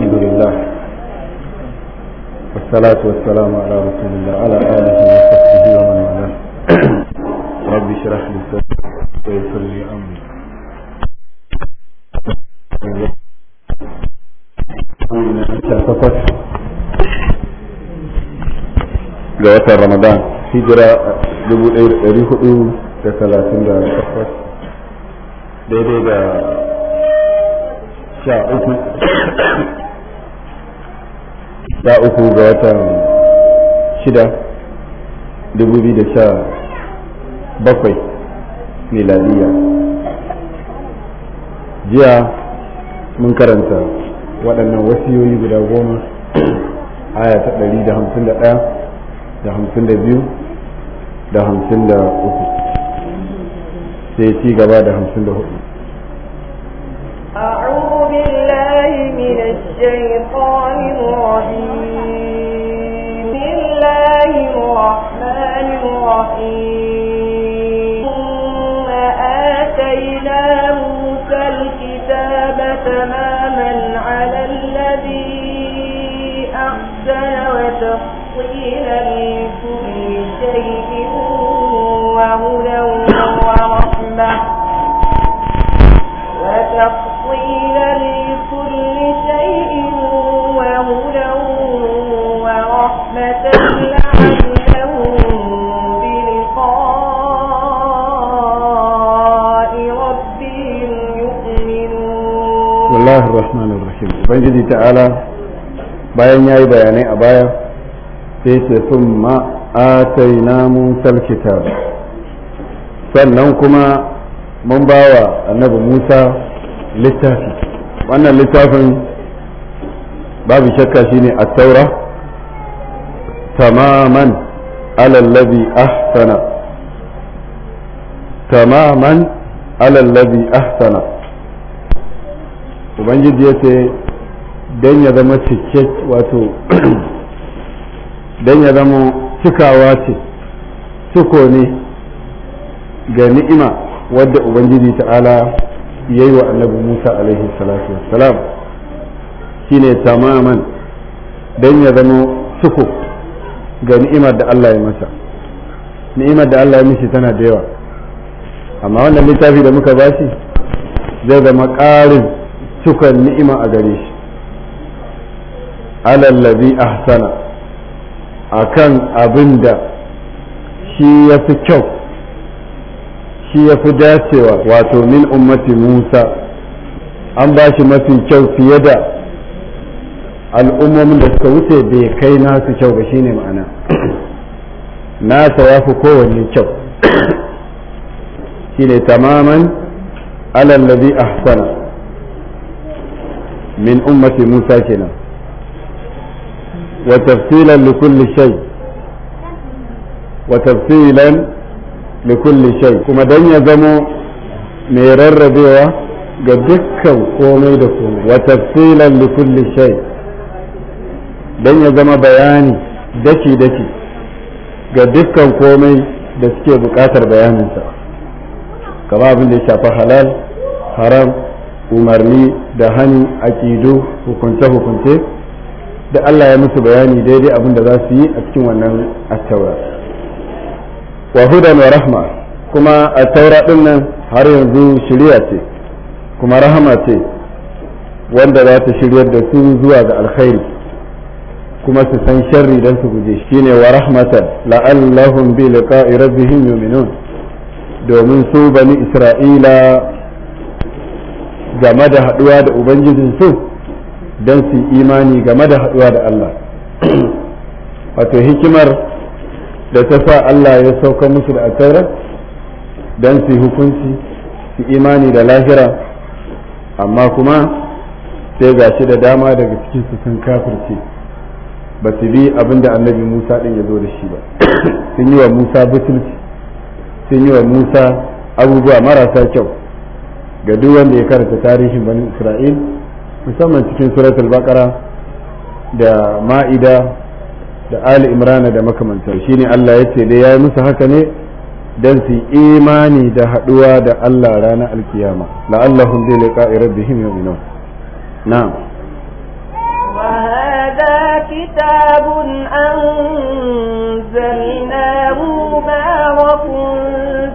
الحمد لله والصلاة والسلام على رسول الله على آله وصحبه ومن والاه رب اشرح لي صدري ويسر لي أمري ga watan ramadan hijira 1438 daidai da sha da uku ga watan shida dubu biyu da sha bakwai miladiya jiya mun karanta waɗannan wasiyoyi guda goma aya ta ɗari da hamsin da ɗaya da hamsin da biyu da hamsin da uku sai ci gaba da hamsin da hudu الشيطان الله الرحمن الرحيم ثم آتينا الكتاب تماما على الذي أحسن وتفصيلا لكل شيء ubangiji ta'ala bayan ya yi bayanai a baya sai ce sun ma'atai ataina salkita sannan kuma mun bawa annabi musa littafi wannan littafin babu shakka ne a taura تماما على الذي أحسن تماما على الذي أحسن ubangiji ya ya zama cike wato cikawa ce ciko ga ni'ima wadda ubangiji ta'ala ya yi wa annabi musa alaihi salatu wassalam shine tamaman don ya zama ga ni'imar da Allah ya masa ni'imar da Allah ya mishi tana da yawa amma wannan littafi da muka bashi zai zama ƙarin cikon ni'ima a gare shi alallabi ahsana akan abin da shi ya fi kyau shi ya fi dacewa wato min ummati musa an ba shi mafi kyau fiye da al'ummomin da suka wuce bai kai nasu kyau ba shine ma'ana nasa ya fi kowanne kyau shine tamaman alallazi ahsana min ummati musa kenan wa tafsilan li kulli shay wa tafsilan li kulli shay kuma dan ya zamo mai rarrabewa ga dukkan komai da komai wa tafsilan li kulli shay don ya zama bayani daki-daki ga dukkan komai da suke buƙatar bayaninsa kama abin da ya shafi halal haram umarni da hani aƙidu hukunce-hukunce da Allah ya musu bayani daidai abin da za su yi a cikin wannan attaura wa hudan wa rahma kuma attaura din nan har yanzu shirya ce kuma rahama ce wanda za ta shiryar da su zuwa ga alkhairi kuma su san sharri dan su guje shi ne wa rahmatan la'allahum bi liqa'i rabbihim yu'minun domin su bani isra'ila game da haduwa da ubangijin su dan su imani game da haduwa da Allah wato hikimar da ta sa Allah ya sauka musu da atara don su hukunci su imani da lahira amma kuma sai gashi da dama daga cikin su sun kafirce ba su bi abin da annabi musa ɗin ya zo da shi ba sun yi wa musa butulci sun yi wa musa abubuwa marasa kyau ga duk wanda ya karanta tarihin bani isra'il musamman cikin suratul baqara da ma'ida da ali imrana da makamantar shi ne allah ya ce da ya yi musu haka ne don su imani da haɗuwa da allah ranar alkiyama la'allahun zai liƙa'i rabbihim yu'minun na'am كتاب أنزلناه مبارك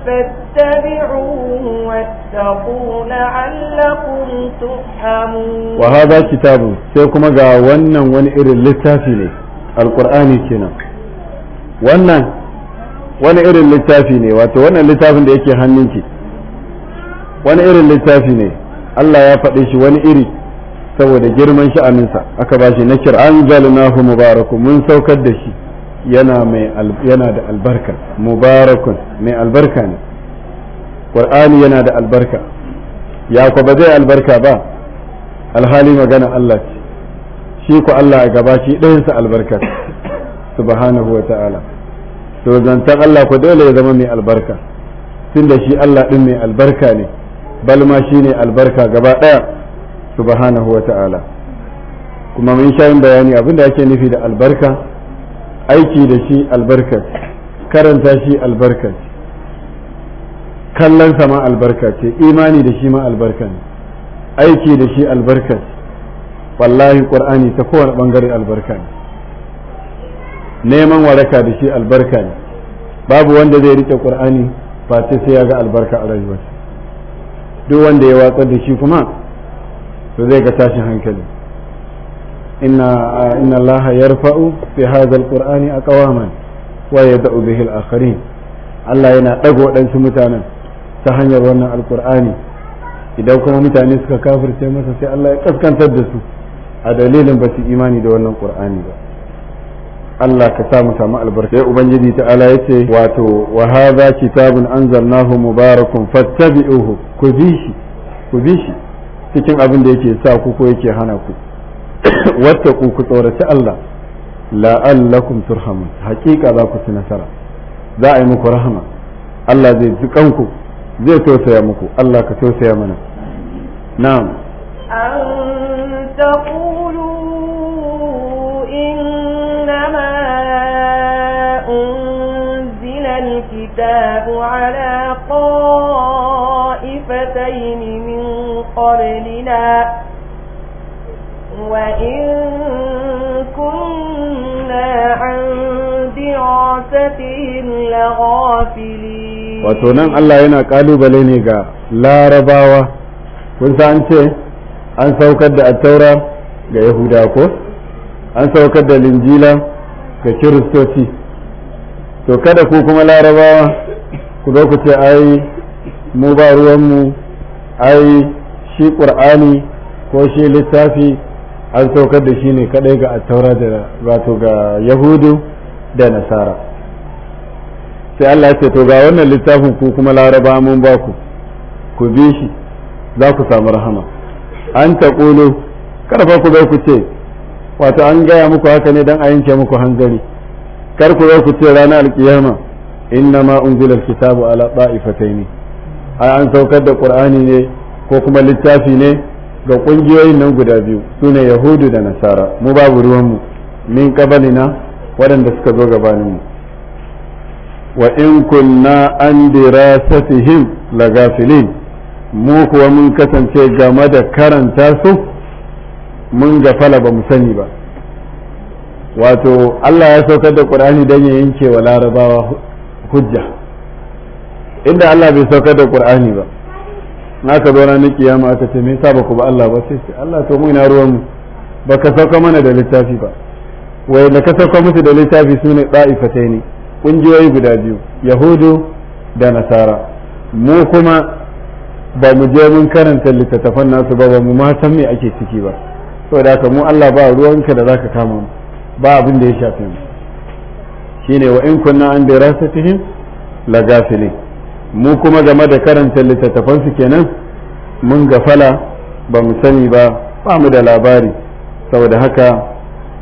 فاتبعوه واتقوا لعلكم ترحمون وهذا كتاب سيكم جا ونن ون إر القرآن كنا ونن wani irin littafi ne wato wannan littafin da yake hannunki wani irin littafi ne Allah ya faɗi shi wani iri saboda girman sha'aninsa aka bashi nakir anzalnahu mubarakun mun saukar da shi yana mai yana da albarka mubarakun mai albarka ne qur'ani yana da albarka ya ku ba zai albarka ba alhali magana Allah ce shi ku Allah a gaba shi sa albarka subhanahu wa ta'ala to zantan Allah ko dole ya zama mai albarka tunda shi Allah din mai albarka ne balma shine albarka gaba ɗaya subhanahu wa ta'ala kuma mun sha yin bayani abinda ake nufi da albarka aiki da shi albarka karanta shi albarka kallon sa ma albarka ce imani da shi ma albarka ne aiki da shi albarka wallahi qur'ani ta kowane bangare albarka ne neman waraka da shi albarka ne babu wanda zai rike qur'ani ba sai ya ga albarka a rayuwarsa duk wanda ya watsar da shi kuma to zai ga tashin hankali inna inna allaha yarfa'u fi hadha a kawaman wa yad'u bihi al Allah yana ɗaga waɗansu mutanen ta hanyar wannan Alƙur'ani idan kuma mutane suka kafirce masa sai Allah ya kaskantar da su a dalilin ba su imani da wannan ƙur'ani ba Allah ka sa mu samu albarka sai ubangiji ta'ala ce wato wa hadha kitabun anzalnahu mubarakun fattabi'uhu ku bi shi ku bi shi cikin abin da yake sa ku ko yake hana ku wata ku ku tsoraci Allah la'allakum turhamun haƙiƙa za ku ci nasara za a yi muku rahama Allah zai ji kanku zai tausaya muku Allah ka tausaya mana na'am an taqulu innama unzila قبلنا وإن كنا عن دراستهم لغافلين وتنام الله ينا قالوا بلينيقا لا رباوة كنت أنت an saukar da attaura ga yahuda ko an saukar da linjila ga kiristoci to kada ku kuma larabawa ku zo ku ce ai mu ba ruwanmu ai shi ƙur'ani ko shi littafi an saukar da shi ne kaɗai ga attaura da wato ga yahudu da nasara sai Allah ya ce to ga wannan littafin ku kuma laraba mun ba ku ku bi shi za ku samu rahama an ta ƙulu karfa ku bai ku ce wato an gaya muku haka ne don a yanke muku hanzari kar ku bai ku ce ranar alkiyama inna ma unzila kitabu ala ne ai an saukar da qur'ani ne ko kuma littafi ne ga ƙungiyoyin nan guda biyu su ne yahudu da nasara mu babu ruwanmu min na waɗanda suka zo gabaninmu wa in kunna an dirasatihim lagafilin mu kuwa mun kasance game da karanta su mun gafala ba mu sani ba wato Allah ya saukar da Qur'ani don ya yanke wa larabawa hujja inda Allah bai saukar da ƙur'ani ba na ka zo ranar kiyama aka ce me yasa ba ku ba Allah ba sai Allah to mu ina ruwan mu baka sauka mana da littafi ba wai da ka sauka musu da littafi sune da'ifatai ne kungiyoyi guda biyu yahudu da nasara mu kuma ba mu je mun karanta littattafan nasu ba ba mu ma san me ake ciki ba saboda haka mu Allah ba ruwanka da zaka kama mu ba abin da ya shafe mu shine wa in kunna an dirasatihim la gafilin mu kuma game da karanta littattafansu kenan mun gafala ba mu sani ba ba mu da labari saboda haka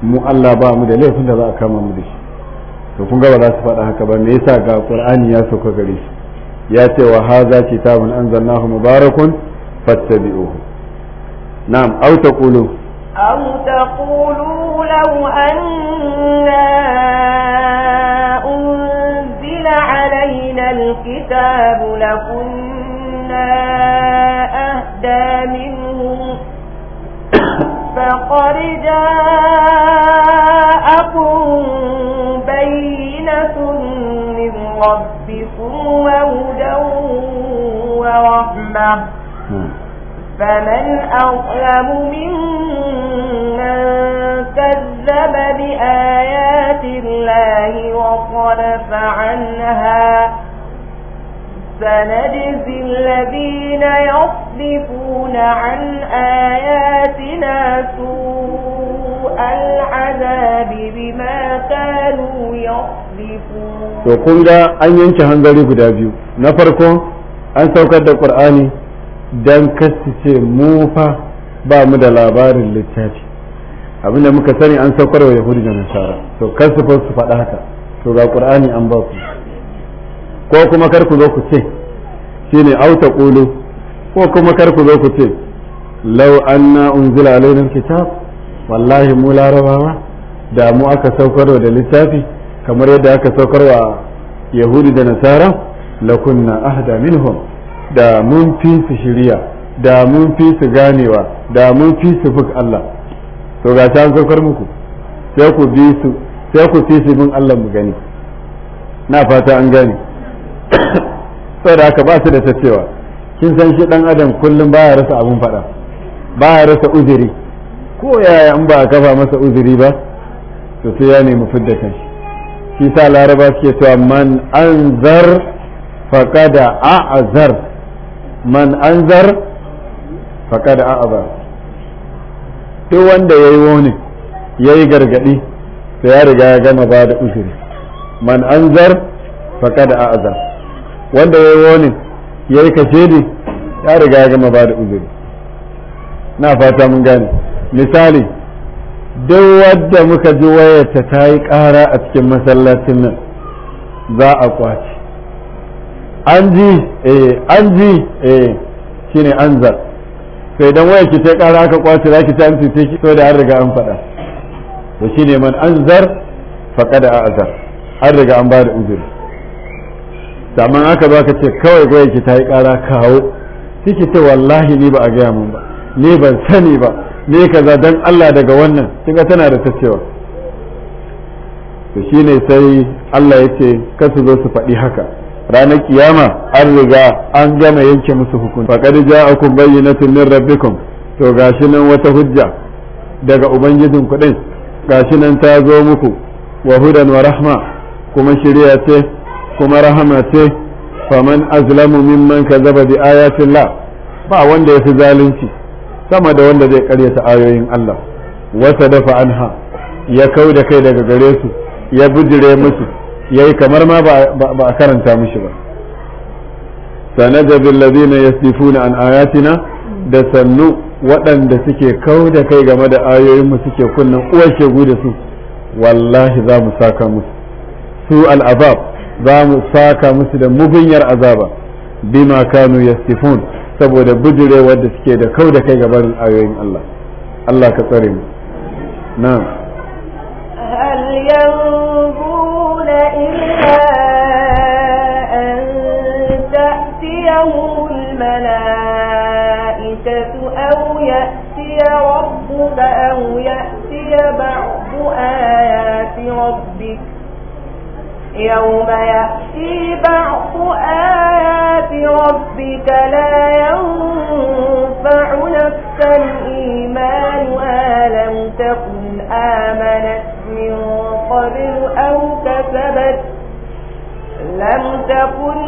mu Allah ba mu da laifin da za a kama mu da shi to kun ga ba za su faɗa haka ba me yasa ga Qur'ani ya sauka gare shi ya ce wa haza kitabun anzalnahu mubarakun fattabi'uhu na'am aw taqulu aw taqulu law anna الكتاب لكنا أهدى منهم فقد جاءكم بينة من ربكم وهدى ورحمة نعم. فمن أظلم ممن كذب بآيات الله وصرف عنها سنجزي الذين يصدفون عن آياتنا سوء العذاب بما كانوا يصدفون to kun an yanke hangari guda biyu na farko an saukar da ƙur'ani dan kasance mu fa ba da labarin littafi abinda muka sani an saukar wa yahudi da nasara to kasu fa su faɗa haka to ga ƙur'ani an ba ku ko kuma kar ku zo ku ce shine au qulu ko kuma kar ku zo ku ce law anna unzila alaina kitab wallahi mu larabawa da mu aka saukar da littafi kamar yadda aka saukar wa yahudi da nasara lakunna ahda minhum da mun fi su shiriya da mun fi su ganewa da mun fi su fuk Allah to ga ta saukar muku sai ku bi su sai ku fi su bin Allah mu gani na fata an gane saboda haka ba su da ta cewa kin san shi dan adam kullum baya rasa abun faɗa baya rasa uzuri ko yaya in ba a kafa masa uzuri ba to sai ya nemi fidda kan shi sa laraba suke cewa man anzar faqada a'zar man anzar faqada a'zar duk wanda yayi wani yayi gargadi to ya riga ya gama ba da uzuri man anzar faqada a'zar wanda ya yi wani ya yi ne ya riga ya gama ba da uzuri na fata mun gane misali duk wadda muka ji wayarta ta yi ƙara a cikin masallacin nan za a kwace an ji eh an ji eh shine anzar sai dan wayar ki ta ƙara aka kwace za ki ta an cuce ki da an riga an faɗa to shine man anzar faqada azar an riga an ba da uzuri saman aka ba ka ce kawai goya ki ta yi kara kawo ciki ce wallahi ni ba a gaya mun ba ni ban sani ba ni kaza dan Allah daga wannan kinga tana da ta cewa to shine sai Allah ya ce ka su zo su faɗi haka ranar kiyama an riga an gama yanke musu hukunci faqad ja'akum bayyinatun min rabbikum to gashi nan wata hujja daga ubangijin ku din gashi nan ta zo muku wa hudan wa rahma kuma shirya ce kuma rahama ce faman azlamu mimman kazaba bi ayatin la ba wanda ya fi zalunci sama da wanda zai karyata ayoyin Allah wasa dafa anha ya kau da kai daga gare su ya bijire musu yayi kamar ma ba a karanta mushi ba sanajabil ladina ya an ayatina da sannu waɗanda suke kau da kai game da ayoyinmu suke kunnan uwar shegu da su wallahi za mu saka musu su al'abab za mu saka musu da mugunyar azaba bima kanu yastifun saboda bujurewar da suke da kau da kai gabanin ayoyin Allah Allah ka tsare mu na'am hal yanzuruna illa أو يأتي بعض آيات ربك يوم يأتي بعض آيات ربك لا ينفع نفسا إيمانها لم تكن آمنت من قبل أو كسبت لم تكن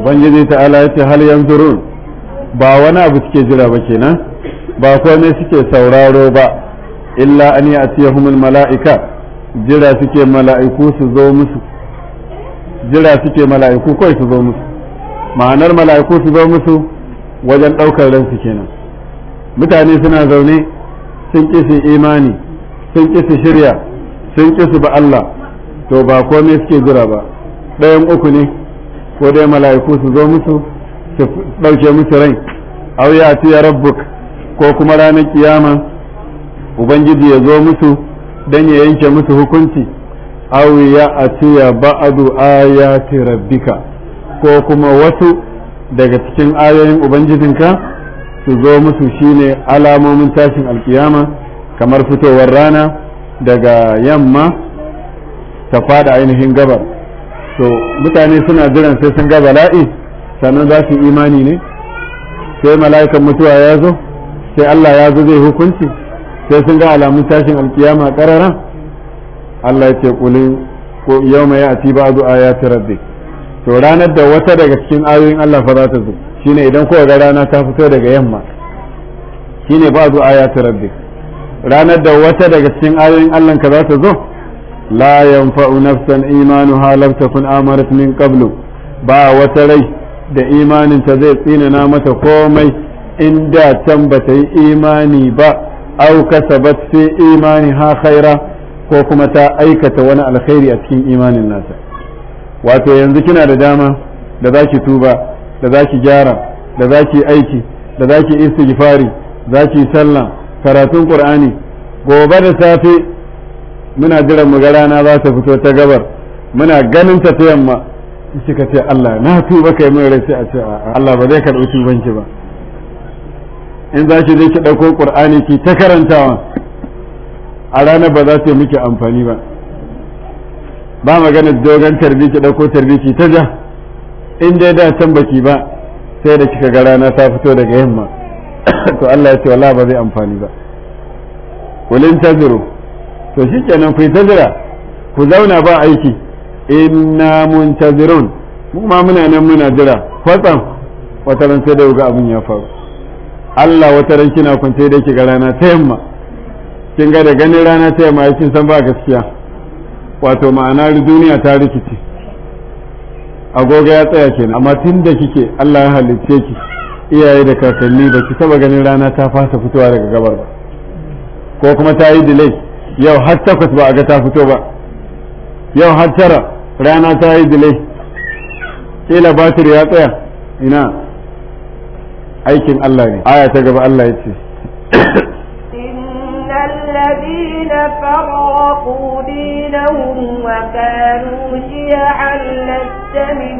ubangiji ta'ala ya ce hal yanzurun ba wani abu suke jira ba kenan ba komai suke sauraro ba illa an ya'tiyahumul mala'ika jira suke mala'iku su zo musu jira suke mala'iku kawai su zo musu ma'anar mala'iku su zo musu wajen ɗaukar su kenan mutane suna zaune sun ƙi su imani sun ƙi su shirya sun ƙi su ba Allah to ba komai suke jira ba ɗayan uku ne ko dai mala'iku su zo musu su ɗauke musu rai au ya ya rabbuk ko kuma ranar kiyama ubangiji ya zo musu dan ya yanke musu hukunci au ya ya ba'adu ayati rabbika ko kuma wasu daga cikin ayoyin ubangijinka su zo musu shine alamomin tashin alkiyama kamar fitowar rana daga yamma ta fada ainihin gabar to mutane suna jiran sai sun ga bala'i sannan za su imani ne sai mala'ikan mutuwa ya zo sai Allah ya zo zai hukunci sai sun ga alamun tashin alkiyama karara Allah ya ce kulin ko yawma ya ati zu ayati rabbi to ranar da wata daga cikin ayoyin Allah fa za ta zo shine idan ko ga rana ta fito daga yamma shine ba zu ayati rabbi ranar da wata daga cikin ayoyin Allah ka za ta zo la yanfa'u nafsan imanuha lam takun amarat qablu ba wata rai da imanin ta zai tsinana mata komai in da ba bata yi imani ba au kasabat fi imani ha khaira ko kuma ta aikata wani alkhairi a cikin imanin nata wato yanzu kina da dama da zaki tuba da zaki gyara da zaki aiki da zaki istighfari zaki sallah karatun qur'ani gobe da safe muna jiran mu ga rana za ta fito ta gabar muna ganin ta ta yamma shi ka ce Allah na tuba kai mun rai sai a ce Allah ba zai karɓi tubanki ba in za shi je ki ɗauko Qur'ani ki ta karantawa a ranar ba za su yi miki amfani ba ba magana dogon tarbi ki ɗauko tarbi ki ta ja in dai da can baki ba sai da kika ga rana ta fito daga yamma to Allah ya ce wallahi ba zai amfani ba kulin taziru to shi kenan ku yi tazira ku zauna ba aiki inna muntazirun mu ma muna nan muna jira kwatsam wata ran sai da ga abin ya faru Allah wata ran kina kwance da ki ga rana ta yamma kin ga da ganin rana ta yamma kin san ba gaskiya wato ma'ana duniya ta rikice Agogo ya tsaya kenan amma tun da kike Allah ya halicce ki iyaye da kakanni ba ki taba ganin rana ta fasa fitowa daga gabar ba ko kuma ta yi delay yau har takwas ba a ga ta fito ba yau har tara rana ta yi dile ila batir ya tsaya ina aikin Allah ne aya ta gaba Allah ya ce الذين فرقوا دينهم وكانوا شيعا لست من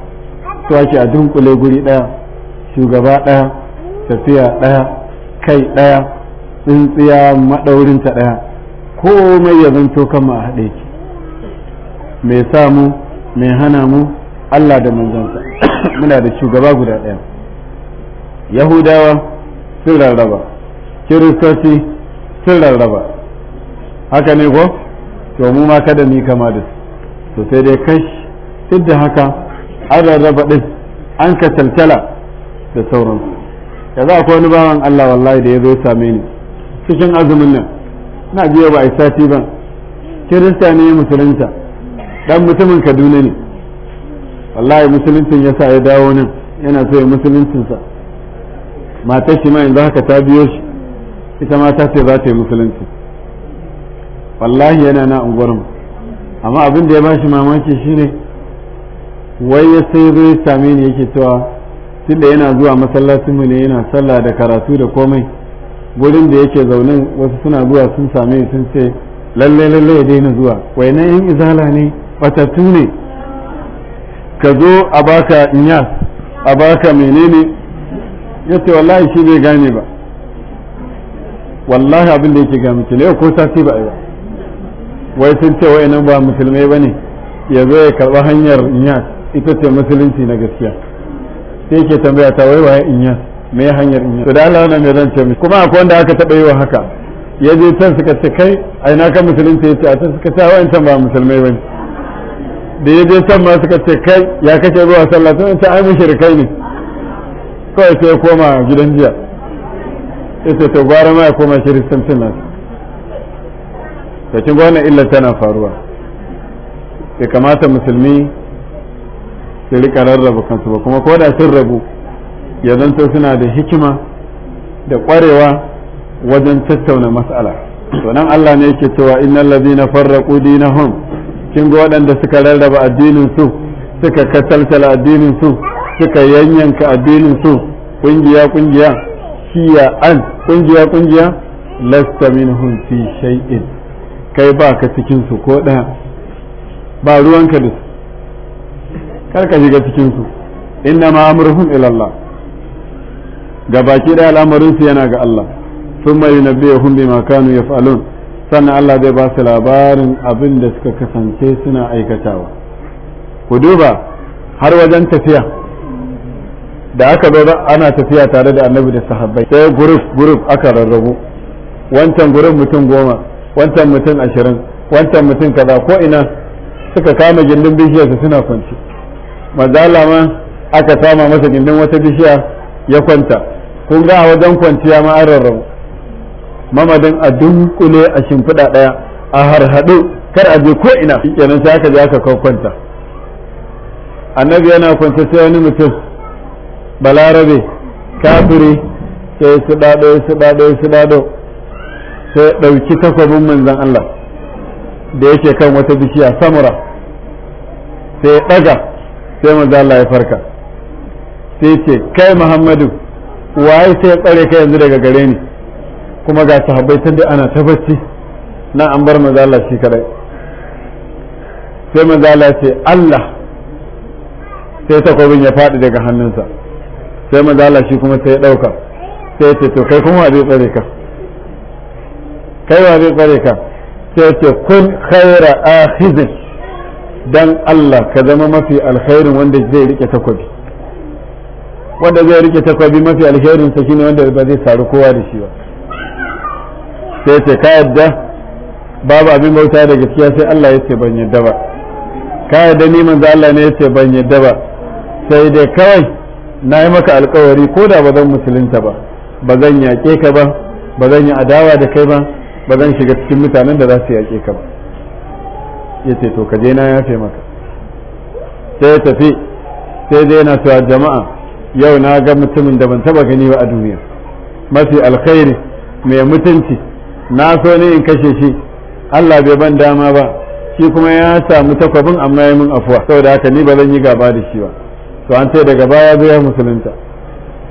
so ake a dunkule guri ɗaya shugaba ɗaya tafiya ɗaya kai ɗaya tsintsiya maɗaurinta ɗaya komai ya zanto kama a haɗe ki mai sa mai hana mu Allah da manzansa muna da shugaba guda ɗaya yahudawa sun rarraba kiristoci sun rarraba haka ne ko to mu ma kada ni kama da su to dai kai duk da haka an rarraba din an taltala da sauransu ya za akwai wani bawan Allah wallahi da ya zo same ni cikin azumin nan na biyo ba a sati ba kirista ne ya musulunta dan mutumin kaduna ne wallahi musuluncin ya sa ya dawo nan yana so ya musuluncinsa matar shi ma yanzu haka ta biyo shi ita ma ta ce za ta yi musulunci wallahi yana na unguwarmu amma abin da ya ba shi mamaki shine wai ya sai zai same ni yake cewa tunda yana zuwa masallacin mu ne yana sallah da karatu da komai gurin da yake zaune wasu suna zuwa sun same ni sun ce lalle lalle ya daina zuwa wai na yan izala ne batattu ne ka zo a baka inya a baka menene ya ce wallahi shi bai gane ba wallahi abin da yake ga mutum ne ko sati ba ba wai sun ce nan ba musulmai ne ya zo ya karɓa hanyar inyas ita ce musulunci na gaskiya sai ke tambaya ta wai waye inya me hanyar inya to da Allah wannan me zan mu kuma akwai wanda aka taba yi wa haka ya je can suka ce kai a ina kan musulunci ya ce a can suka ce wa'in can ba musulmai bane da ya je can ma suka ce kai ya kace zuwa sallah sun ta ai mushrikai ne kawai sai ya koma gidan jiya ya ce to gwara ma ya koma kiristancin nasu to kin ga wannan illa tana faruwa ya kamata musulmi su rika rarraba kansu ba kuma ko da sun rabu ya zanto suna da hikima da ƙwarewa wajen tattauna mas'ala to nan Allah ne yake cewa innal ladina farraqu dinahum kin ga waɗanda suka rarraba addinin su suka kasaltala addinin su suka yanyanka addinin su kungiya kungiya shiya an kungiya kungiya lasta minhum fi shay'in kai ba ka cikin su ko ɗaya ba ruwanka da su kar ka shiga cikin su inna ma amruhum ila ga baki da al'amarin yana ga Allah sun hun bi makanu ya fa'alun sannan Allah zai ba su labarin abin da suka kasance suna aikatawa ku duba har wajen tafiya da aka zo ana tafiya tare da annabi da sahabbai sai guruf guruf aka rarrabu wancan gurin mutum goma wancan mutum ashirin wancan mutum kaza ko ina suka kama gindin bishiyarsa suna kwanci mazala ma aka sama masa gindin wata bishiya ya kwanta kun ga a wajen kwanciya ma an rarrabu mamadin a dunkule a shimfiɗa ɗaya a harhaɗu kar a je ko ina kenan sai aka je aka kwanta annabi yana kwance sai wani mutum balarabe kafiri sai su ɗaɗo su ɗaɗo su ɗaɗo sai ɗauki takwabin manzan Allah da yake kan wata bishiya samura sai ɗaga sai manzo Allah ya farka sai ce kai Muhammadu waye sai ya tsare ka yanzu daga gare ni kuma ga sahabbai tun da ana ta bacci an bar manzo Allah shi kadai sai manzo Allah ya ce Allah sai takobin ya faɗi daga hannunsa sai manzo Allah shi kuma sai ya dauka sai ya ce to kai kuma zai tsare ka kai wa zai tsare ka sai ya ce kun khaira akhizin dan Allah ka zama mafi alkhairin wanda zai rike takobi wanda zai rike takobi mafi alkhairin sa shine wanda ba zai saru kowa da shi ba sai ce ka yadda babu abin bauta da gaskiya sai Allah yace ban yadda ba ka yadda ni manzo Allah ne ce ban yadda ba sai dai kawai na yi maka alkawari ko da ba zan musulunta ba ba zan yaƙe ka ba ba zan yi adawa da kai ba ba zan shiga cikin mutanen da za su yaƙe ka ba ya ce to kaje na yafe maka sai ya tafi sai dai yana cewa jama'a yau na ga mutumin da ban taba gani ba a duniya mafi alkhairi mai mutunci na so ne in kashe shi Allah bai ban dama ba shi kuma ya samu takwabin amma ya min afuwa saboda haka ni ba zan yi gaba da shi ba to an ce daga baya zai musulunta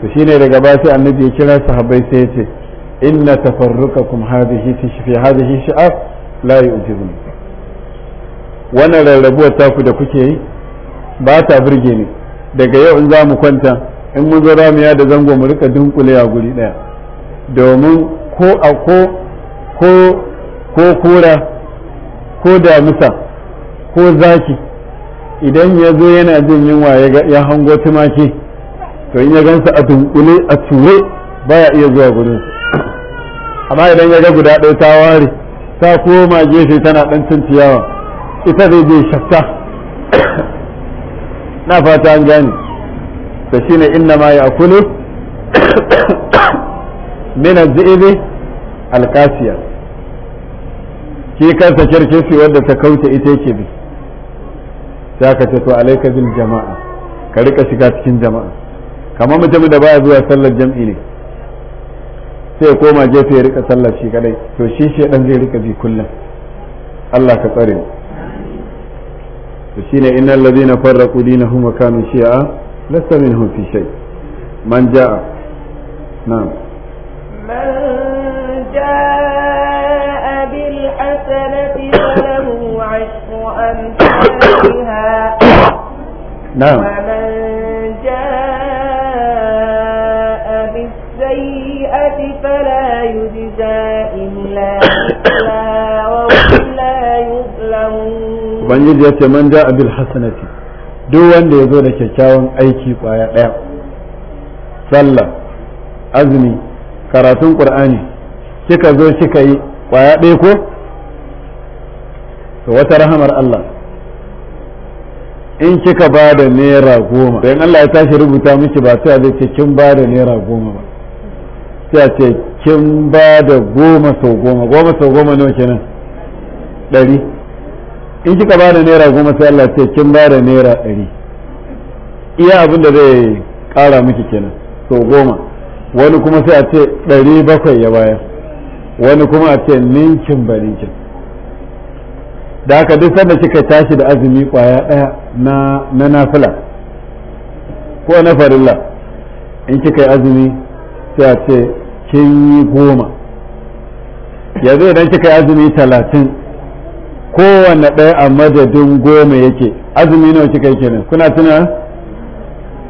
to shine daga baya sai annabi ya kira sahabbai sai ya ce inna tafarruqakum hadhihi fi hadhihi shi'ar la yu'jibuni wannan rarrabuwar taku da kuke yi ba ta burge ni daga yau in za mu kwanta in mun zo ramiya da zango mu rika dunkule a guri ɗaya domin ko a ko ko ko kura ko damusa ko zaki idan ya zo yana jin yunwa ya hango tumaki to in ya gansa a dunkule a ture baya iya zuwa gurin amma idan ya ga guda ɗaya ta ware ta koma gefe tana ɗan cin ciyawa ita zai je shakka na fata an gani ta shine inna ma ya kulu mina az-zi'bi al ki kansa kirkisi wadda ta kauce ita yake bi ta ka ce to alaika bil jama'a ka rika shiga cikin jama'a kamar mutumin da baya zuwa sallar jam'i ne sai koma gefe ya rika sallar shi kadai to shi dan zai rika bi kullum Allah ka tsare فشين إن الذين فرقوا دينهم وكانوا شيعا لست منهم في شيء من جاء نعم من جاء بالحسنة فله عشر أمثالها نعم ومن جاء بالسيئة فلا يجزى إلا مثلها ubangiji ya ce man ja abil hasanati duk wanda ya zo da kyakkyawan aiki kwaya ɗaya sallah azumi karatun qur'ani kika zo kika yi kwaya ɗaya ko to wata rahamar Allah in kika ba da naira goma don Allah ya tashi rubuta miki ba sai zai ce kin ba da naira goma ba sai a ce kin ba da goma sau goma goma sau goma nawa kenan ɗari in kika ba da naira goma sai Allah ce kin ba da naira ɗari iya abin da zai ƙara miki kenan to goma wani kuma sai a ce ɗari bakwai ya baya, wani kuma a ce ninkin ba ninkin da haka duk sanda kika tashi da azumi ƙwaya ɗaya na na nafila ko na farilla in kika yi azumi sai a ce kin yi goma yanzu idan kika yi azumi talatin kowanne ɗaya a madadin goma yake azumi nawa kika yi kenan kuna tuna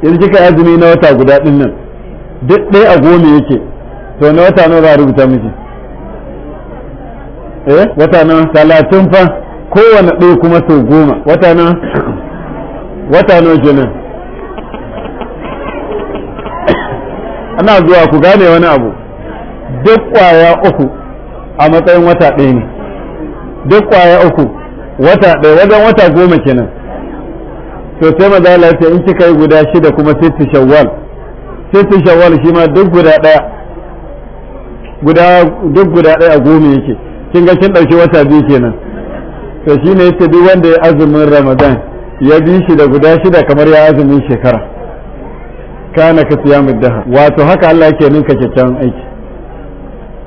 yanzu kika azumi na wata guda ɗin nan duk ɗaya a goma yake to na wata nawa za a rubuta miki eh wata na talatin fa kowanne ɗaya kuma sau goma wata na wata nawa kenan ana zuwa ku gane wani abu duk ƙwaya uku a matsayin wata ɗaya ne duk kwaya uku wata ɗaya wajen wata goma kenan to sai maza lafiya ce in kika yi guda shida kuma sittu shawwal sittu shawwal shi ma duk guda ɗaya guda duk guda ɗaya goma yake kin ga kin ɗauki wata biyu kenan to shine yace duk wanda ya azumin Ramadan ya bi shi da guda shida kamar ya azumin shekara kana ka siya daha wato haka Allah yake ninka kyakkyawan aiki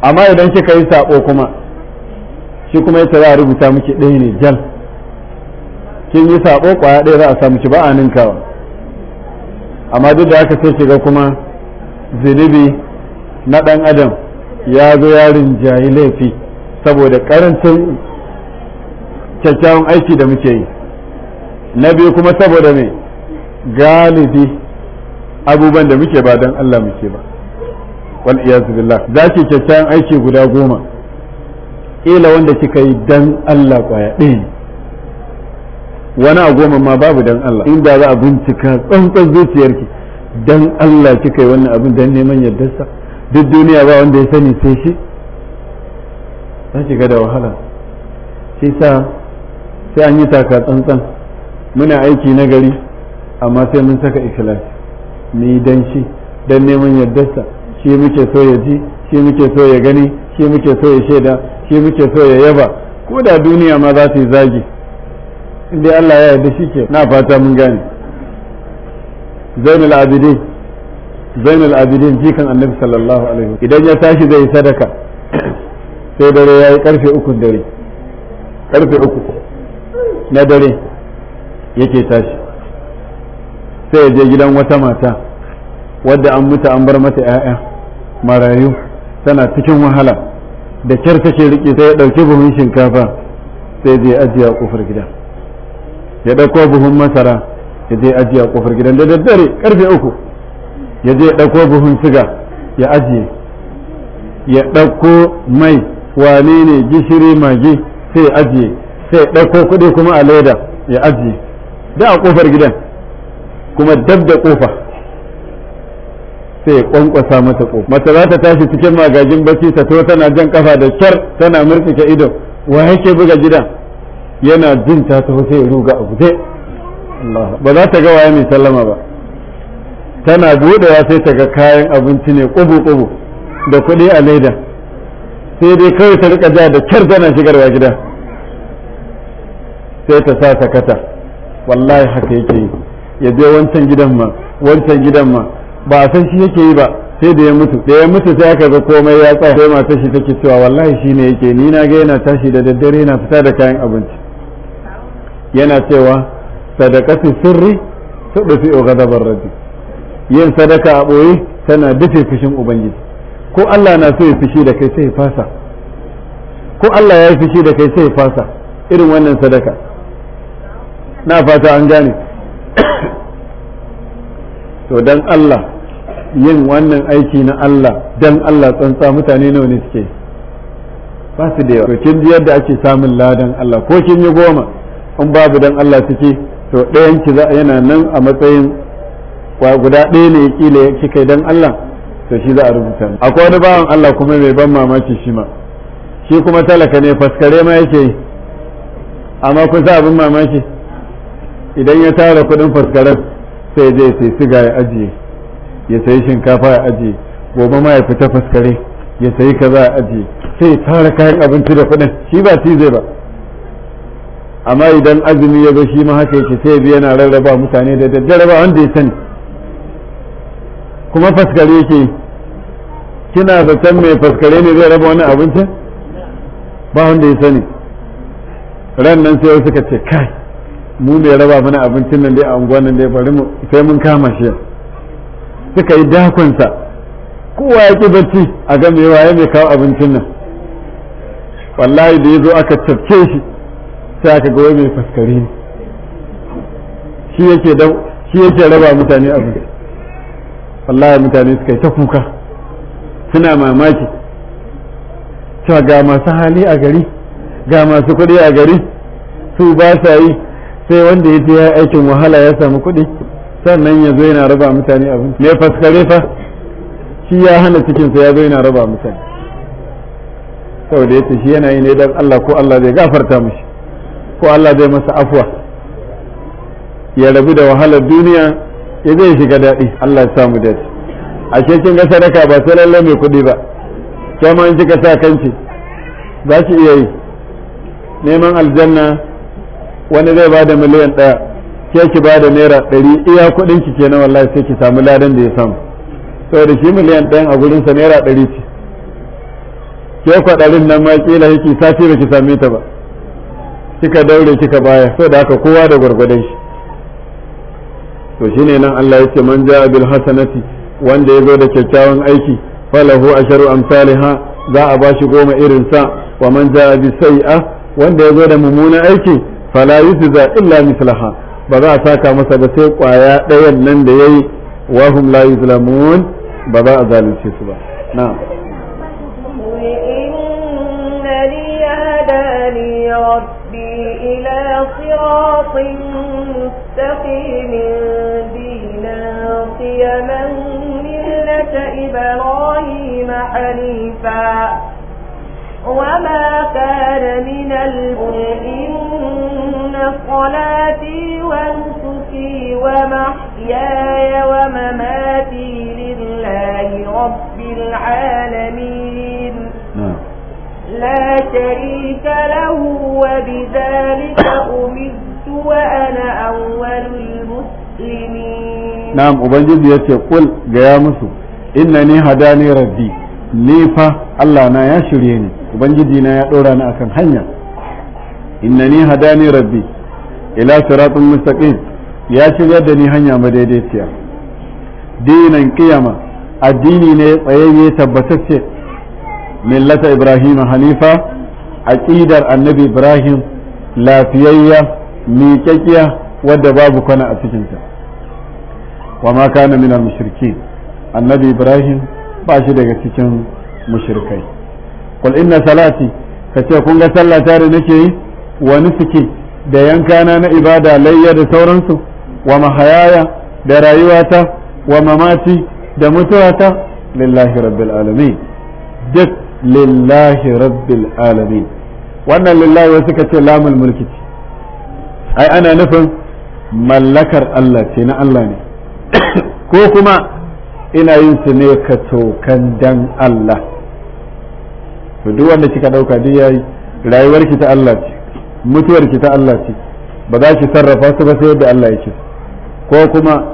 amma idan kika yi sabo kuma shi kuma ya za a rubuta miki ɗaya ne jal kin yi saɓo kwaya ɗaya za a sa miki ba a ninkawa amma duk da haka sai ga kuma zinubi na ɗan adam ya zo yarin jayi laifi saboda ƙarancin kyakkyawan aiki da muke yi na biyu kuma saboda mai galibi abubuwan da muke ba don Allah muke ba wal iyazu billah za kyakkyawan aiki guda goma kila wanda kika yi dan Allah kwaya ɗaya wani a goma ma babu dan Allah inda za a bincika tsantsan zuciyarki dan Allah kika yi wannan abin dan neman yardarsa duk duniya ba wanda ya sani sai shi za ki da wahala shi sa sai an yi taka tsantsan muna aiki na gari amma sai mun saka ikhlasi ni dan shi dan neman yardarsa shi muke so ya ji shi muke so ya gani shi muke so ya shaida shi muke so ya yaba ko da duniya ma za ta yi zagi inda Allah ya yarda shi ke na fata mun gane zainul abidin zainul abidin jikan annabi sallallahu alaihi idan ya tashi zai sadaka sai dare ya yi karfe uku dare karfe uku na dare yake tashi sai ya je gidan wata mata wadda an mutu an bar mata 'ya'ya marayu tana cikin wahala da kyar rike riƙe sai ya ɗauki buhun shinkafa sai zai ajiye a gida ya ɗauko buhun masara ya je ajiye a gidan da daddare karfe uku ya je dauko buhun siga ya ajiye ya ɗauko mai wane ne gishiri magi sai ya ajiye sai ya ɗauko kuɗi kuma a leda ya ajiye da a ƙofar gidan kuma dab da ƙofa sai ya kwankwasa mata ko mace za ta tashi cikin magajin bacci ta to tana jan kafa da kyar tana murtuke ido wa yake buga gida? yana jin ta ta sai ya ruga sai Allah ba za ta ga waye mai sallama ba tana budewa sai ta ga kayan abinci ne kubu kubu da kuɗi a leda sai dai kawai ta rika ja da kyar tana shigarwa gida sai ta sa sakata wallahi haka yake ya je wancan gidan ma wancan gidan ma ba a san shi yake yi ba sai da ya mutu da ya mutu sai aka ga komai ya tsaya sai matar shi take cewa wallahi shi ne yake ni na ga yana tashi da daddare yana fita da kayan abinci yana cewa sadakatu sirri tudfi ghadabar rabbi yin sadaka a boye tana dafe fushin ubangiji ko Allah na so ya fushi da kai sai ya fasa ko Allah ya yi fushi da kai sai ya fasa irin wannan sadaka na fata an gane to dan Allah yin wannan aiki na Allah dan Allah tsantsa mutane nawa ne suke ba su da yawa to kin ji yadda ake samun ladan Allah ko kin yi goma in babu dan Allah suke to ɗayan ki za yana nan a matsayin wa guda ɗaya ne kila kika dan Allah to shi za a rubuta akwai wani bawan Allah kuma mai ban mamaki shi ma shi kuma talaka ne faskare ma yake yi amma kun sa abin mamaki idan ya tara kuɗin faskaren sai je sai siga ya ajiye ya sayi shinkafa ya aje gobe ma ya fita faskare ya sayi kaza ya aje sai ya tara kayan abinci da kuɗin shi ba ci zai ba amma idan azumi ya zo shi ma haka yake sai biya na rarraba mutane da daddare ba wanda ya sani kuma faskare yake kina zaton mai faskare ne zai raba wani abinci ba wanda ya sani ran nan sai suka ce kai mu ne raba mana abincin nan dai a unguwan nan dai bari mu sai mun kama shi suka yi dakonsa kowa ya ki bacci a ga mai waye mai kawo abincin nan wallahi da ya zo aka cafke shi sai aka ga wai mai faskari ne shi yake da shi yake raba mutane abu wallahi mutane suka yi ta kuka suna mamaki cewa ga masu hali a gari ga masu kuɗi a gari su ba sa yi sai wanda ya je ya aikin wahala ya samu kuɗi sannan ya zo yana raba mutane abinci me faskare fa shi ya hana cikin sa ya zo yana raba mutane saboda yace shi yana yi ne dan Allah ko Allah zai gafarta mishi ko Allah zai masa afwa ya rabu da wahalar duniya ya zai shiga daɗi Allah ya samu daɗi A cikin ga sadaka ba sai lalle mai kuɗi ba ma in kika sa kanki za ki iya yi neman aljanna wani zai ba da miliyan ɗaya ke ki ba da naira ɗari iya kuɗin ki kenan wallahi sai ki samu ladan da ya samu saboda shi miliyan ɗayan a gurinsa naira ɗari ce ke kwaɗarin nan ma kila yake sati ba ki same ta ba kika daure kika baya da haka kowa da gwargwadon shi to shine nan Allah ya ce man ja'a bil hasanati wanda ya zo da kyakkyawan aiki falahu asharu amsalha za a bashi goma irin sa wa man ja'a bis sai'a wanda ya zo da mummunan aiki fala yujza illa mislaha ba za a saka masa ba sai kwaya ɗayan nan da yayi wa hum la yuzlamun ba za a zalunce su ba na ربي إبراهيم حنيفا وما كان من إن صلاتي ونسكي ومحياي ومماتي لله رب العالمين نعم. لا شريك له وبذلك أمدت وأنا أول المسلمين نعم أبنجد يتقل قيامسه إنني هداني ربي نيفا الله نا يشريني ubangiji na ya ɗora ni akan hanya innani hadani rabbi ila siratun mustaqim ya shigar da ni hanya ma madaidaiciya dinan kiyama addini ne tsayayye tabbatacce millata ibrahim hanifa aqidar annabi ibrahim lafiyayya miƙaƙiya wadda babu kwana a cikinta wa ma kana minal mushrikin annabi ibrahim ba shi daga cikin mushrikai qul inna salati kace kun ga sallah tare nake yi wa nusuki da yankana na ibada layya da sauransu wa mahayaya da rayuwata wa mamati da mutuwata lillahi rabbil alamin duk lillahi rabbil alamin wannan lillahi wasu ka ce lamul mulki ai ana nufin mallakar Allah ce na Allah ne ko kuma ina yin su ne ka tokan dan Allah to duk wanda kika dauka duk yayi rayuwar ki ta Allah ce mutuwar ki ta Allah ce ba za ki sarrafa su ba sai yadda Allah yake ko kuma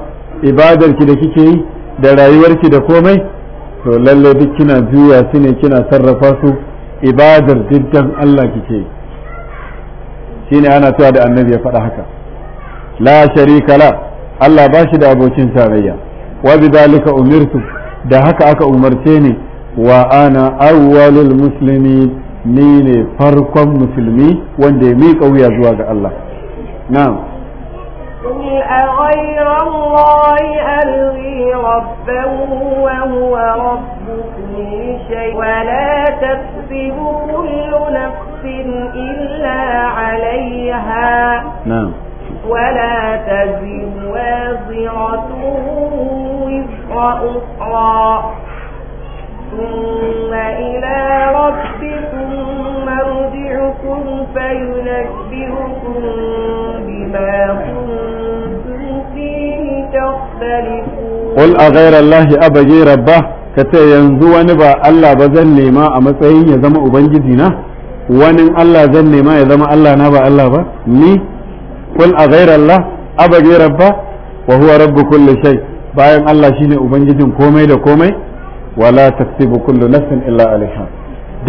ibadar ki da kike yi da rayuwar ki da komai to lalle duk kina juya su kina sarrafa su ibadar diddan Allah kike yi shine ana cewa da annabi ya faɗa haka la sharika la Allah ba shi da abokin tarayya wa bi dalika umirtu da haka aka umarce ni وانا اول المسلمين muslimin فرقم مسلمي farkon musulmi wanda ya الله نعم قل أغير الله ألغي ربا وهو رب كل شيء ولا تكسب كل نفس إلا عليها نعم ولا تزر وازرة وزر أخرى ثم إلى ربكم مرجعكم فينبئكم بما كنتم فيه تختلفون قل أغير الله أبغي ربه kace yanzu wani ba Allah ba zan nema a matsayin ya zama ubangiji na wani Allah zan nema ya zama Allah na ba Allah ba ni kul a ghayra Allah abage rabba wa huwa rabbu kulli shay bayan Allah shine ubangijin komai da komai wala taktibu kullu nafsin illa alaiha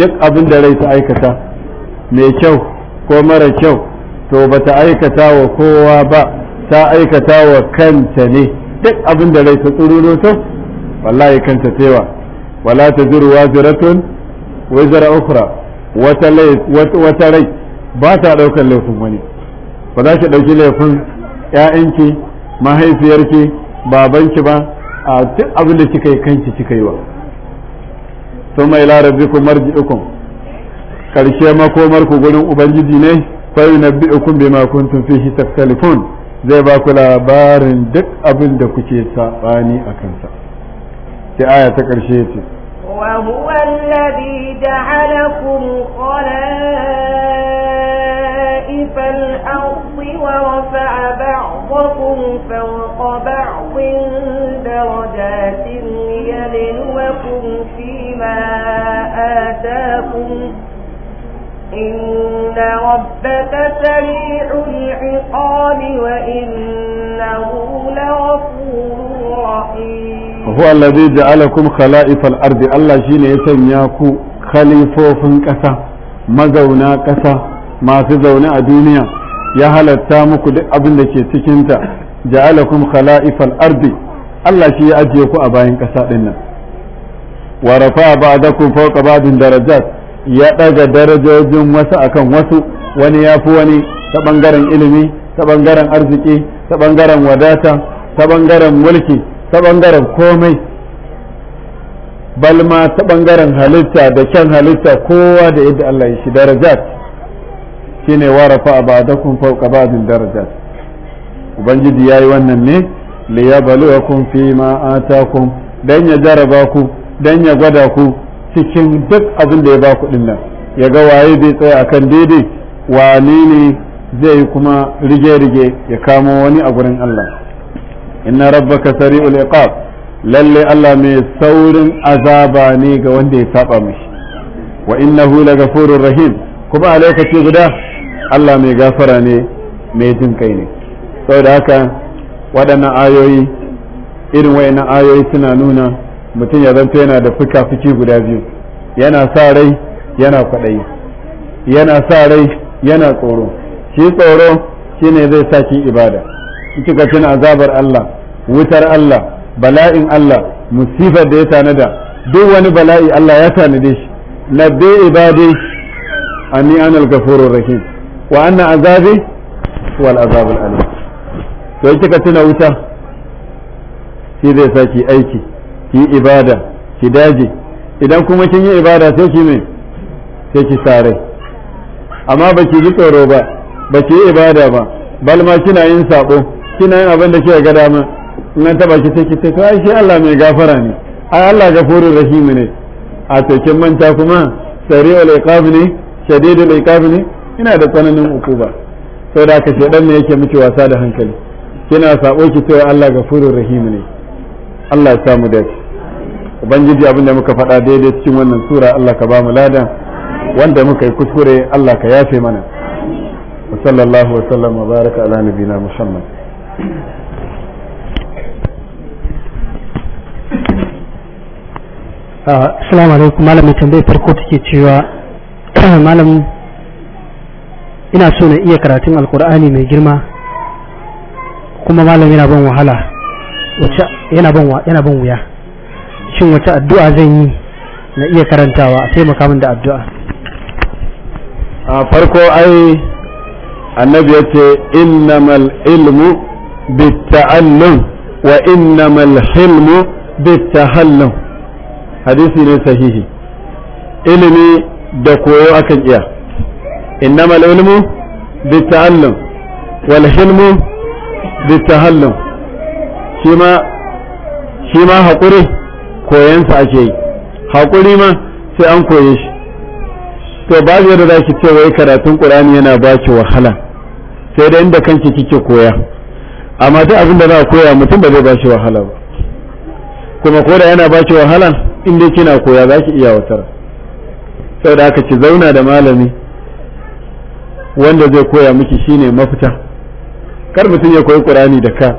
duk abin da rai ta aikata mai kyau ko mara kyau to ba ta aikata wa kowa ba ta aikata wa kanta ne duk abin da rai ta tsururo ta wallahi kanta tewa wala ta zuru waziratun wazara ukra wata rai ba ta daukar laifin wani ba za ki dauki laifin ƴaƴanki mahaifiyarki babanki ba a duk abin da kika yi kanki kika yi wa thumma ila rabbikum marji'ukum karshe makomar ku gurin ubangiji ne fa yunabbi'ukum bima kuntum fihi takhtalifun zai baku labarin duk abin da kuke sabani a kansa sai aya ta karshe ce wa huwa ورفع بعضكم فوق بعض درجات ليبلوكم فيما آتاكم إن ربك سريع العقاب وإنه لغفور رحيم هو الذي جعلكم خلائف الأرض الله شين يتنياكو خليفوف كسا مزونا كسا ما في زونا دنيا ya halatta muku duk abin da ke cikinta ja'alakum khala'ifal ardi Allah shi ya ajiye ku a bayan ƙasa ɗin nan wa rafa ba'dakum fawqa ba'din darajat ya daga darajojin wasu akan wasu wani ya fi wani ta bangaren ilimi ta bangaren arziki ta bangaren wadata ta bangaren mulki ta bangaren komai balma ta bangaren halitta da kyan halitta kowa da yadda Allah ya shi darajat shine wa rafa ba'dakum fawqa ba'din darajat ubangiji yayi wannan ne li yabluwakum fi ma atakum dan ya jaraba ku dan ya gwada ku cikin duk abin da ya ba ku dinnan ya ga waye zai tsaya akan daidai wane ne zai kuma rige-rige ya kamo wani a gurin Allah inna rabbaka sari'ul iqab lalle Allah mai saurin azaba ne ga wanda ya saba mishi wa innahu lagafurur rahim kuma a lokaci guda Allah mai gafara ne mai jin kai ne saboda haka waɗannan ayoyi irin wayannan ayoyi suna nuna mutum ya zanto yana da fuka-fuki guda biyu yana sa rai yana kwaɗayi yana sa rai yana tsoro shi tsoro shi ne zai sa ki ibada kika azabar Allah wutar Allah bala'in Allah musifar da ya tanada duk wani bala'i Allah ya tanade shi bai ibadi anni anal ghafurur rahim wa anna azabi wal azabul alim to kika tuna wuta shi zai sa ki aiki ki ibada ki daji idan kuma kin yi ibada sai ki me sai ki sare amma ba ki ji tsoro ba ba ki yi ibada ba bal ma kina yin sabo kina yin abin da kike ga dama in an taba ki sai ki ai shi Allah mai gafara ne ai Allah gafurur rahim ne a to kin manta kuma sari'ul iqab ne shadidul iqab ne ina da tsananin ukuba sai da aka ce dan ne yake miki wasa da hankali kina sabo ki cewa Allah gafurur rahim ne Allah ya samu dace ubangiji abin da muka faɗa daidai cikin wannan sura Allah ka ba mu lada wanda muka yi kuskure Allah ka yafe mana wa sallallahu wa sallam wa baraka ala nabina muhammad ah, assalamu alaikum malamin tambayar farko take cewa malam ina so na iya karatun alkur'ani mai girma kuma malam yana ban wahala yana ban wuya shin wata addu'a zan yi na iya karantawa a sai min da addu'a a farko ai annabi yace innamal ilmu bitta'allum wa innamal hilmu bittahallum hadisi ne sahihi ilimi da koyo akan iya إنما العلم بالتعلم والحلم بالتهلم شما شما حقري كوين ساكي حقري ما sai an koye shi to babu yadda za ki ce wai karatun ƙur'ani yana ba shi wahala sai da inda kanki kike koya amma duk abin da za koya mutum ba zai ba shi wahala ba kuma ko da yana ba shi wahala inda kina koya za ki iya watar saboda haka ki zauna da malami wanda zai koya miki shine mafita kar mutum ya koyi qur'ani da ka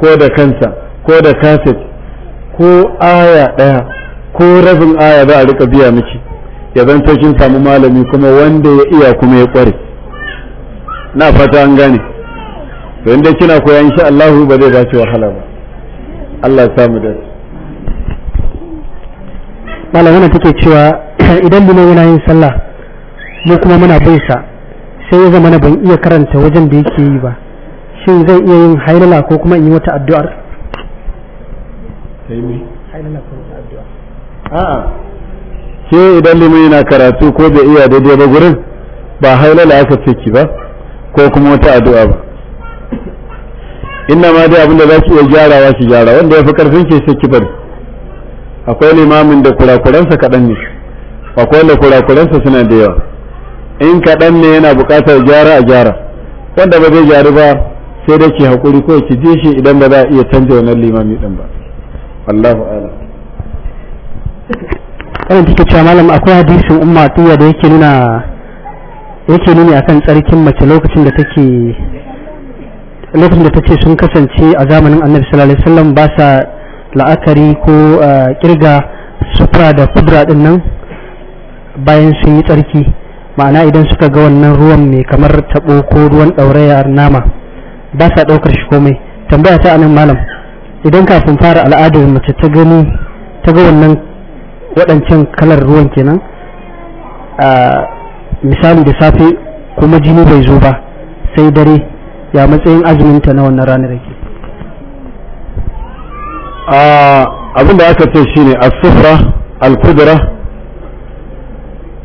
ko da kansa ko da kaset ko aya daya ko rabin aya za a rika biya miki ya zanto kin samu malami kuma wanda ya iya kuma ya kware na fata an gane to inda kina koya insha Allah ba zai dace wahala ba Allah ya samu da malam take cewa idan liman yana yin sallah mu kuma muna bin sa sai ya zama na ban iya karanta wajen da yake yi ba shin zai iya yin hailala ko kuma in yi wata addu'ar a'a ke idan limi yana karatu ko bai iya daidai ba gurin ba hailala aka ciki ba ko kuma wata addu'a ba inna ma dai da za ki iya gyarawa ki gyara wanda ya fi karfin ke sai ki bari akwai limamin da kurakuransa kaɗan ne akwai da kurakuransa suna da yawa in kaɗan ne yana buƙatar gyara a gyara wanda ba zai gyaru ba sai da ke haƙuri ko ki ji shi idan ba za a iya canja wannan limami ɗin ba Allahu ala kan take cewa malam akwai hadisin umma tuwa da yake nuna yake nuni akan tsarkin mace lokacin da take lokacin da take sun kasance a zamanin annabi sallallahu alaihi wasallam ba sa la'akari ko eh, kirga sufra da kudra din nan bayan sun yi tsarki ma'ana idan suka ga wannan ruwan mai kamar tabo ko ruwan ɗauraya nama ba sa ɗaukar shi komai tambaya ta anan malam idan kafin fara al'adar mace ta gani ta ga wannan waɗancan kalar ruwan kenan a misali da safe kuma jini bai zo ba sai dare ya matsayin azuminta na wannan ranar yake abin da aka ce shine as-sufra al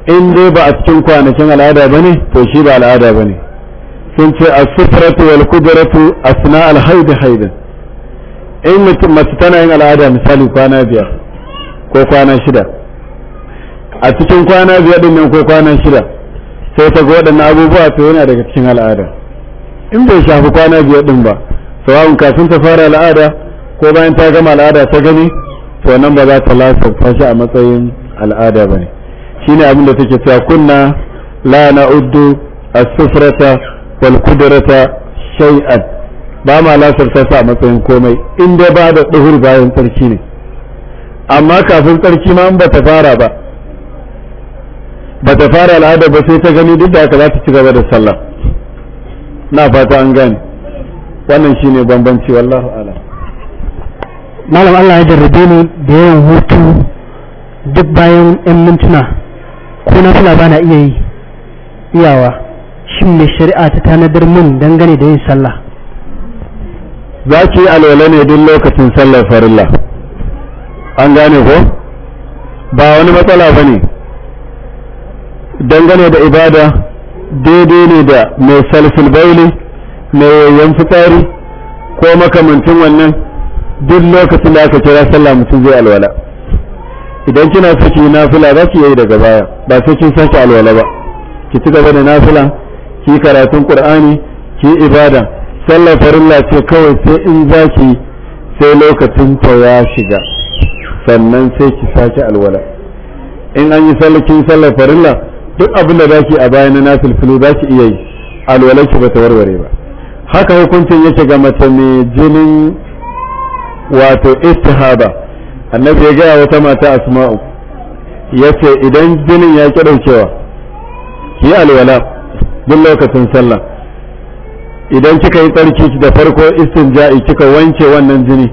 in dai ba a cikin kwanakin al'ada ba ne to shi ba al'ada ba ne sun ce a sufratu wal kudratu asna al haidi haidin in mutum mace tana yin al'ada misali kwana biyar ko kwana shida a cikin kwana biyar din nan ko kwana shida sai ta ga waɗannan abubuwa to yana daga cikin al'ada in bai shafi kwana biyar din ba sawa'un kafin ta fara al'ada ko bayan ta gama al'ada ta gani to nan ba za ta lasa shi a matsayin al'ada ba ne shine abin da take cewa kunna la na'uddu as-sufrata wal qudrata shay'an ba ma lasarta sa matsayin komai in dai ba da duhur bayan sarki ne amma kafin sarki ma in ba ta fara ba ba ta fara al'ada ba sai ta gani duk da aka za ta ci gaba da sallah na fata an gane wannan shine bambanci wallahu ala malam Allah ya jarrabe ni da yawan hutu duk bayan 'yan mintuna ko na fula bana iya yi iyawa shi mai shari'a ta tanadar mun dangane da yin sallah za ki yi alwala ne duk lokacin sallar farilla an gane ko ba wani matsala ba ne dangane da ibada daidai ne da mai salfin baili mai yayyan fitsari ko makamancin wannan duk lokacin da aka kira sallah mutum zai alwala idan kina so ki yi nafila za ki yi daga baya ba sai kin sake alwala ba ki ci gaba da nafila ki karatun qur'ani ki ibada sallar farilla ce kawai sai in za ki sai lokacin ta ya shiga sannan sai ki sake alwala in an yi sallakin sallar farilla duk abin da zaki a baya na nafilfilu za ki iya yi alwala ki ta warware ba haka hukuncin yake ga mace mai jinin wato istihaba annabi ya gaya wata mata asma'u ya ce idan jinin ya ki ɗaukewa ki alwala duk lokacin sallah idan kika yi tsarki da farko istinja'i kika wanke wannan jini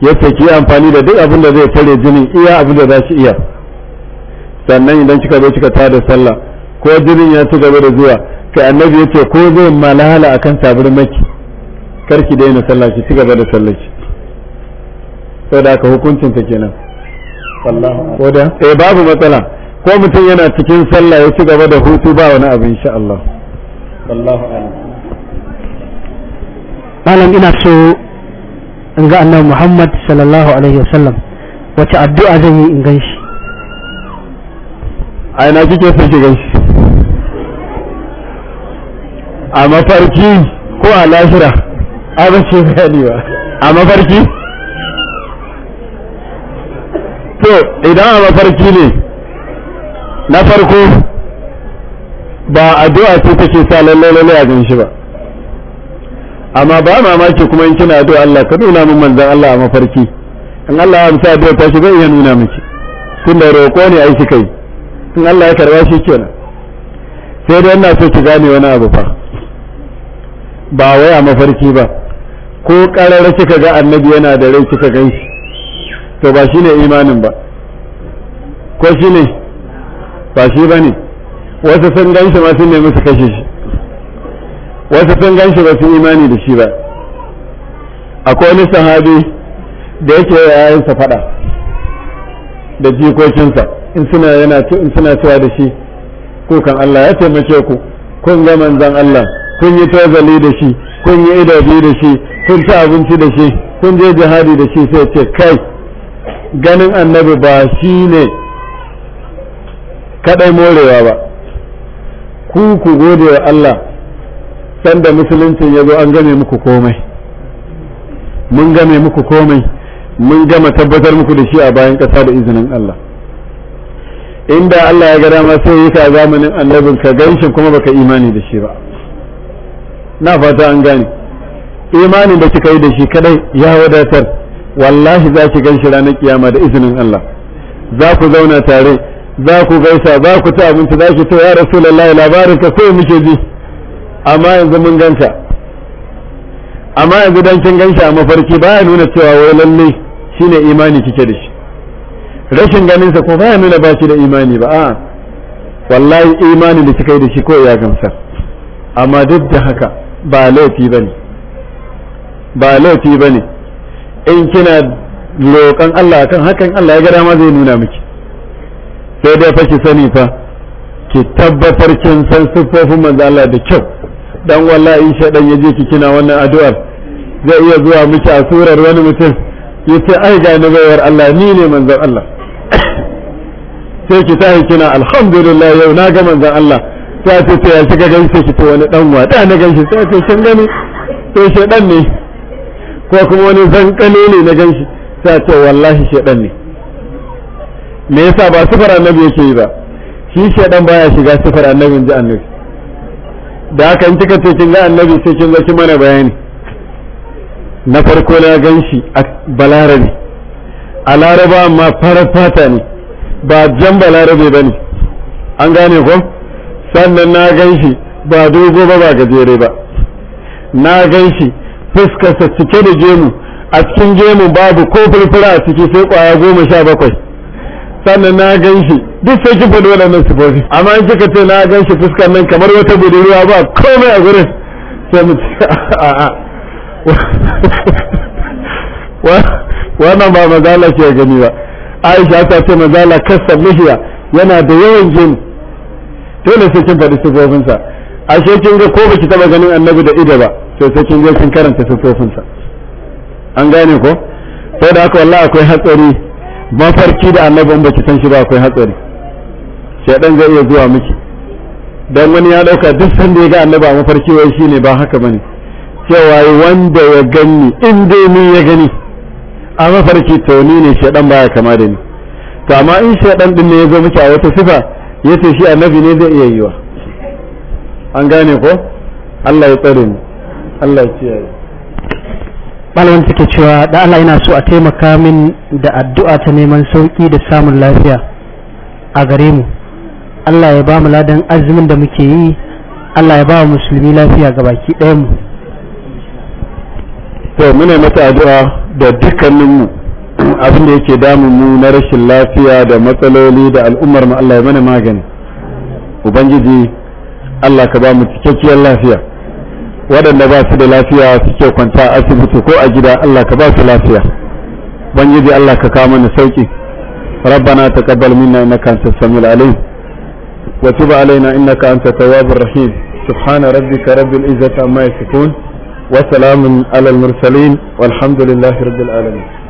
ya ce ki amfani da duk abin da zai tare jini iya abin da za shi iya sannan idan kika zo kika tada sallah ko jinin ya ci gaba da zuwa kai annabi ya ce ko zai malala akan tabar maki karki daina sallah ki ci gaba da sallah ki sau da aka hukuncin ta kenan ko eh babu matsala ko mutum yana cikin sallah ya ci gaba da hutu ba wani abu insha Allah malam ina so in ga annabi Muhammad sallallahu alaihi wasallam wace addu'a zan yi in ganshi. ai na kike so ki ganshi. a mafarki ko a lahira? a ce ba. a mafarki to idan a mafarki ne na farko ba addu'a ce take sa lalle lalle a gan shi ba amma ba mamaki kuma in kina addu'a Allah ka nuna min manzon Allah a mafarki in Allah ya amsa addu'a ta shi zai iya nuna miki da roƙo ne ai shi kai in Allah ya karba shi kenan sai dai ina so ki gane wani abu fa ba wai a mafarki ba ko ƙarar kika ga annabi yana da rai kika gan shi to ba shi ne imanin ba ko shi ne ba shi ba ne wasu sun gan shi masu sun nemi su kashe shi wasu sun gan shi ba su imani da shi ba akwai wani sahabi da yake yayansa fada da jikokinsa in suna yana in suna cewa da shi kukan Allah ya taimake ku kun ga manzon Allah kun yi tozali da shi kun yi idabi da shi kun ci abinci da shi kun je jihadi da shi sai ce kai ganin annabi ba shi ne kaɗai morewa ba ku ku gode wa Allah san musuluncin ya zo an game muku komai mun game muku komai mun gama tabbatar muku da shi a bayan ƙasa da izinin Allah inda Allah ya gada ma sai yi ka zamanin annabin ka ganshin kuma baka imani da shi ba na fata an gane imanin da kika yi da shi kadai ya wadatar wallahi za ki gan shi ranar kiyama da izinin Allah za ku zauna tare za ku gaisa za ku ta abinci za ki to ya rasulullahi labarin ka ko muke ji amma yanzu mun ganta amma yanzu dan kin shi a mafarki baya nuna cewa wai lalle shine imani kike da shi rashin ganin sa ko baya nuna ba shi da imani ba a'a wallahi imani da kika yi da shi ko ya gamsa amma duk da haka ba laifi bane ba laifi bane in kina roƙon Allah kan hakan Allah ya ga dama zai nuna miki sai dai fa ki sani fa ki tabbatar kin san siffofin manzo Allah da kyau dan wallahi shedan ya yaje ki kina wannan addu'ar zai iya zuwa miki a surar wani mutum yace ai ga ni bayar Allah ni ne manzo Allah sai ki tahi kina alhamdulillah yau na ga manzo Allah sai ce ya ganin gaishe ki to wani dan wada na gaishe sai ki kin gani to shedan ne ko kuma wani zankane ne na ganshi sa ce wallahi shaidan ne me yasa ba sifar annabi yake yi ba shi shaidan baya shiga sifar annabi ji annabi da haka in kika ce kin ga annabi sai kin zaki mana bayani na farko na ganshi a balarabi a laraba amma farar fata ne ba jan balarabe ba ne an gane ko sannan na ganshi ba dogo ba ba gajere ba na ganshi fuskarsa cike da gemu a cikin gemu babu ko furfura a ciki sai kwaya goma sha bakwai sannan na gan shi duk sai kin wadannan su sifofi amma in kika ce na gan shi fuskar nan kamar wata budurwa ba komai a gurin sai mu ce a'a wannan ba mazala ke gani ba aisha ta ce mazala kasar mihiya yana da yawan gemu dole sai kin faɗi sifofinsa ashe kin ga ko baki taɓa ganin annabi da ido ba Sai sai kin je kin karanta sufofinsa an gane ko sai da haka wallahi akwai hatsari mafarki da annabin in baki san shi ba akwai hatsari shedan zai iya zuwa miki dan wani ya dauka duk da ya ga annabi mafarki wai shine ba haka bane cewa wanda ya gani in dai ni ya gani a mafarki to ni ne shedan baya kama da ni to amma in shedan din ne ya zo miki a wata sifa yace shi annabi ne zai iya yiwa an gane ko Allah ya tsare mu Allah kiyaye malamin take cewa da Allah yana so a taimaka min da addu'a ta neman sauki da samun lafiya a gare mu Allah ya ba mu ladan azumin da muke yi Allah ya ba wa musulmi lafiya ga baki ɗayan mu to muna mata addu'a da dukkanin mu abin da yake damun mu na rashin lafiya da matsaloli da al'ummar mu Allah ya mana magani ubangiji Allah ka ba mu cikakkiyar lafiya waɗanda ba su da lafiya suke a asibiti ko a gida Allah ka ba su lafiya ban yi Allah ka kawo mana sauƙi rabbana taqabbal minna innaka antas samiul alim wa tub alaina innaka antat tawwabur rahim subhana rabbika rabbil izzati amma yasifun wa salamun alal mursalin walhamdulillahi rabbil alamin